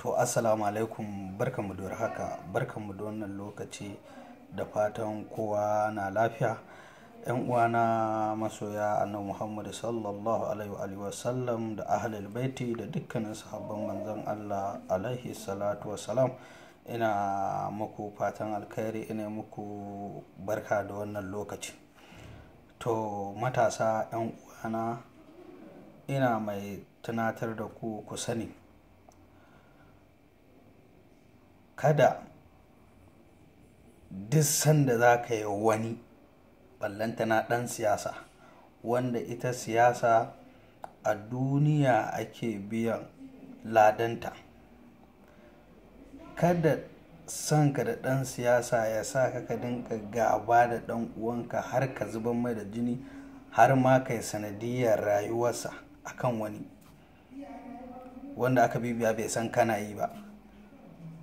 To assalamu alaikum barkanmu da haka barkanmu da wannan lokaci da fatan kowa na lafiya. ‘Yan uwana masoya annabi Muhammad sallallahu alaihi wa sallam da ahlul baiti da dukkanin sahabban manzon Allah alaihi salatu wa ina muku fatan alkhairi ina muku barka da wannan lokaci. To matasa ‘yan uwana ina mai tunatar da ku ku sani. kada duk sanda za ka yi wani na ɗan siyasa wanda ita siyasa a duniya ake biyan ladanta kada son ka da ɗan siyasa ya sa ka ka dinka gaba da ɗan uwanka har ka zuban mai da jini har ma ka yi sanadiyar rayuwarsa akan wani wanda aka bibiya bai san kana yi ba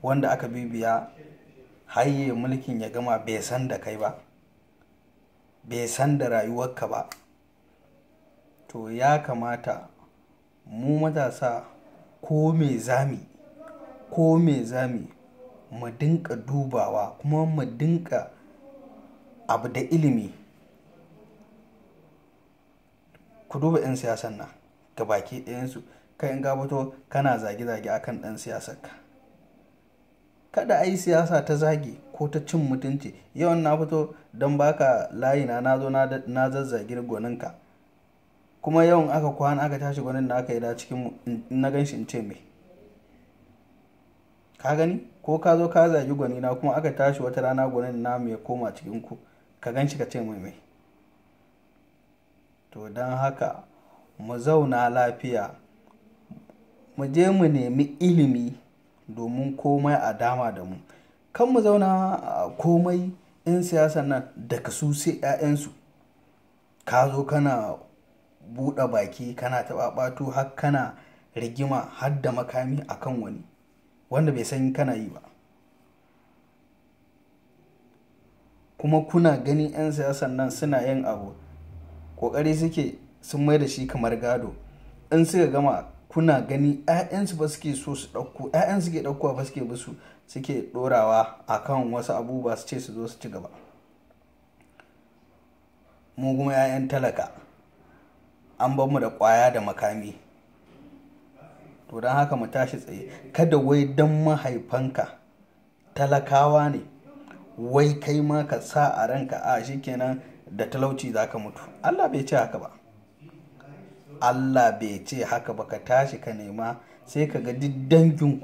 wanda aka bibiya haye mulkin ya gama bai san da kai ba bai san da rayuwarka ba to ya kamata mu matasa ko mai zami ko mai zami mu dinka dubawa kuma mu dinka abu da ilimi ku duba 'yan siyasan nan ga baki ɗayansu kai in gabato kana zage-zage akan ɗan siyasarka kada a yi siyasa ta zagi ko ta cin mutunci yawan na fito don baka layina na zo na zazzagi gwaninka kuma yawan aka kwana aka tashi gwanin da aka yi da cikin na ganshi in ce mai ka gani ko ka zo ka zagi gwanina kuma aka tashi wata rana gwanin na mai koma cikin ku ka ganshi ka ce mai mai to don haka mu zauna lafiya mu je mu nemi ilimi domin komai a dama da mu kan mu zauna a komai 'yan siyasan nan daga su sai 'ya'yansu ka zo kana buɗe baki kana taɓaɓato har kana rigima har da makami akan wani wanda bai san kana yi ba kuma kuna gani 'yan siyasan nan suna yin abu ƙoƙari suke sun mai da shi kamar gado in suka gama kuna gani 'ya'yansu ba suke so su ɗauko 'ya'yan suke ɗaukowa ba suke basu suke ɗorawa kan wasu abubuwa su ce su zo su ci gaba mu kuma 'ya'yan talaka an ban mu da ƙwaya da makami to don haka mu tashi tsaye kada wai don mahaifanka talakawa ne wai kai ma ka sa a ranka a shikenan da talauci zaka mutu allah bai ce haka ba Allah bai ce haka ba ka tashi ka nema sai ka ga duk danginku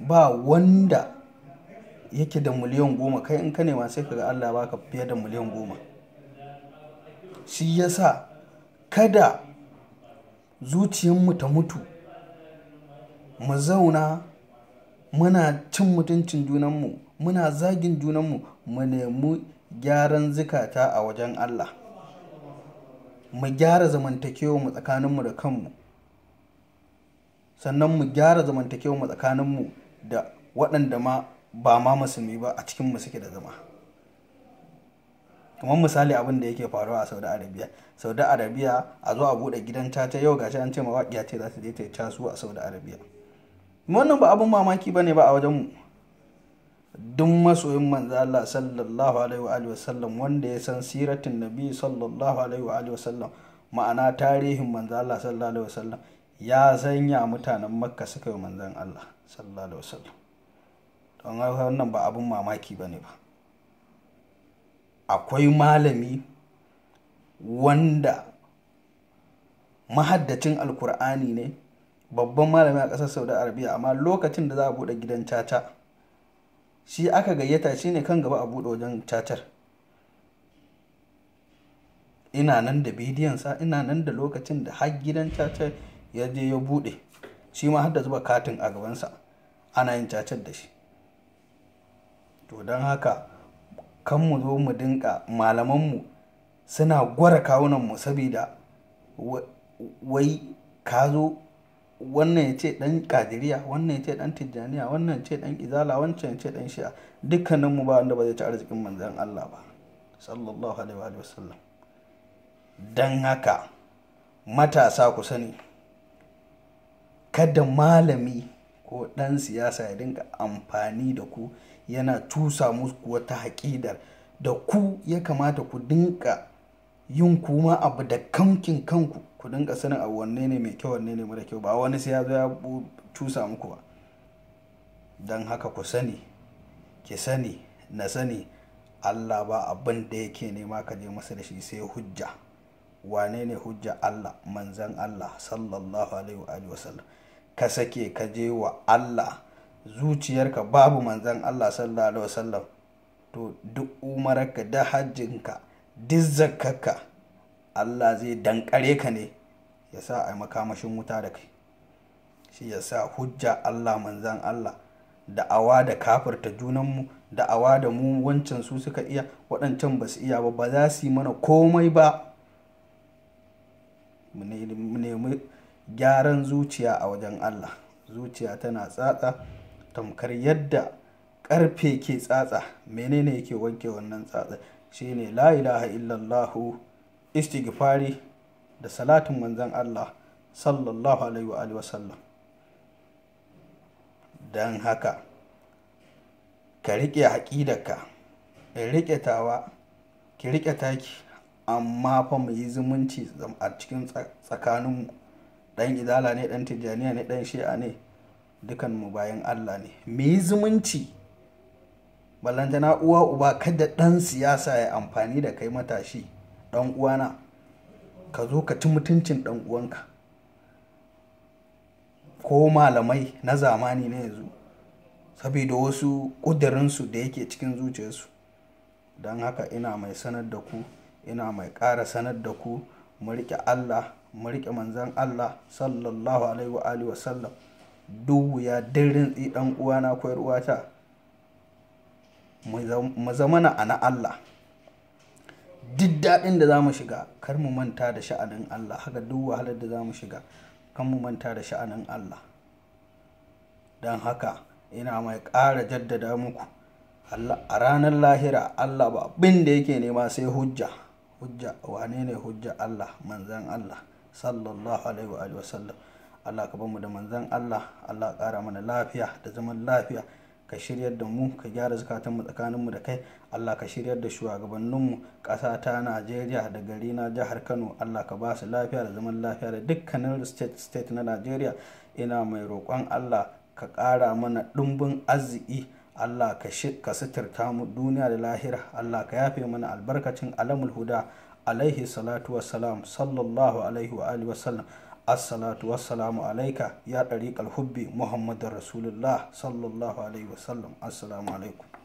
ba wanda yake da miliyan goma kai in ka nema sai ka ga Allah ka fiye da miliyan goma shi yasa kada zuciyarmu ta mutu mu zauna muna cin mutuncin junanmu muna zagin junanmu mu nemi gyaran zikata a wajen Allah mu gyara zamantakewa mu tsakaninmu da kanmu sannan mu gyara zamantakewa mu tsakaninmu da waɗanda ma ba ma musulmi ba a cikin mu suke da zama kamar misali abin da yake faruwa a saudi arabia saudi arabia a zo a buɗe gidan caca yau gashi an ce mawaƙiya ce za su je ta yi casu a saudi arabia wannan ba abin mamaki ba ne ba a wajenmu duk masoyin manzo Allah sallallahu alaihi wa sallam wanda ya san siratin nabi sallallahu alaihi wa sallam ma'ana tarihin manzo Allah sallallahu alaihi wa sallam ya sanya mutanen makka suka yi manzon Allah sallallahu alaihi wa sallam don wannan ba abun mamaki bane ba akwai malami wanda mahaddacin alkur'ani ne babban malami a ƙasar saudi arabia amma lokacin da za a buɗe gidan caca shi aka gayyata shi ne kan gaba a buɗe wajen cacar ina nan da bidiyonsa ina nan da lokacin da har gidan cacar ya je ya buɗe shi ma har da zuba katin a gabansa ana yin cacar da shi to don haka kan mu zo mu dinka malamanmu suna gwara kawunanmu saboda wai ka zo wannan ya ce dan kadiriya wannan ya ce dan tijjaniya wannan ya ce dan izala wancan ya ce dan shi'a dukkanin mu ba wanda ba zai ci arzikin manzan Allah ba sallallahu alaihi wa sallam dan haka matasa ku sani kada malami ko dan siyasa ya dinka amfani da ku yana tusa musu wata haƙidar da ku ya kamata ku dinka yin kuma abu da kankin kanku ku dinga sanin abu wanne ne mai kyau wanne ne mara kyau ba wani sai ya zo ya cusa muku ba don haka ku sani ki sani na sani allah ba abin da yake nema ka je masa da shi sai hujja wane ne hujja allah manzan allah sallallahu alaihi wa sallam ka sake ka je wa allah zuciyarka babu manzan allah sallallahu alaihi wa sallam to duk umararka da hajjinka duk Allah zai dankare ka ne ya sa a makamashin wuta da kai shi ya sa hujja Allah manzan Allah da'awa da kafirta junanmu awa da mu wancan su suka iya waɗancan ba su iya ba ba za su yi mana komai ba mu nemi gyaran zuciya a wajen Allah zuciya tana tsatsa tamkar yadda ƙarfe ke tsatsa menene yake wanke wannan tsatsa shine la ilaha illallahu istighfari da salatin manzan Allah sallallahu alaihi wasallam don haka ka riƙe haƙidaka ka riƙe tawa ki riƙe taki amma fa mu yi zumunci a cikin tsakanin ɗan idala ne ɗan tijjaniya ne ɗan shi'a ne dukan mu bayan Allah ne mu yi zumunci na uwa uba kada ɗan siyasa ya amfani da kai matashi ɗan uwana ka zo ka ci mutuncin ɗan uwanka ko malamai na zamani ne yanzu saboda wasu ƙudurinsu da yake cikin zuciyarsu don haka ina mai sanar da ku ina mai ƙara sanar da ku mu riƙe allah mu riƙe manzan allah sallallahu alaihi wa wa sallam duk wuya dirin rintsi ɗan uwana ko ta mu zamana a na allah duk daɗin da za mu shiga kar mu manta da sha'anin Allah haka duk wahalar da za mu shiga kan mu manta da sha'anin Allah don haka ina mai ƙara jaddada muku a ranar lahira Allah ba abin da yake nema sai hujja hujja wane ne hujja Allah manzan Allah sallallahu alaihi wa sallam Allah ka mu da manzan Allah Allah ƙara mana lafiya da zaman lafiya ka shiryar da mu ka gyara zukatanmu tsakaninmu da kai allah ka shiryar da shugabanninmu ƙasa ta najeriya da gari na jihar kano allah ka ba su lafiya da zaman lafiya da dukkanin state state na najeriya ina mai roƙon allah ka ƙara mana ɗumbin arziki allah ka suturta mu duniya da lahira allah ka yafe mana albarkacin alamul huda alaihi salatu wassalam sallallahu alaihi wa alihi wasallam assalatu wassalamu alaika ya ɗariƙar hubbi muhammadin rasulullah sallallahu alaihi wasallam assalamu alaikum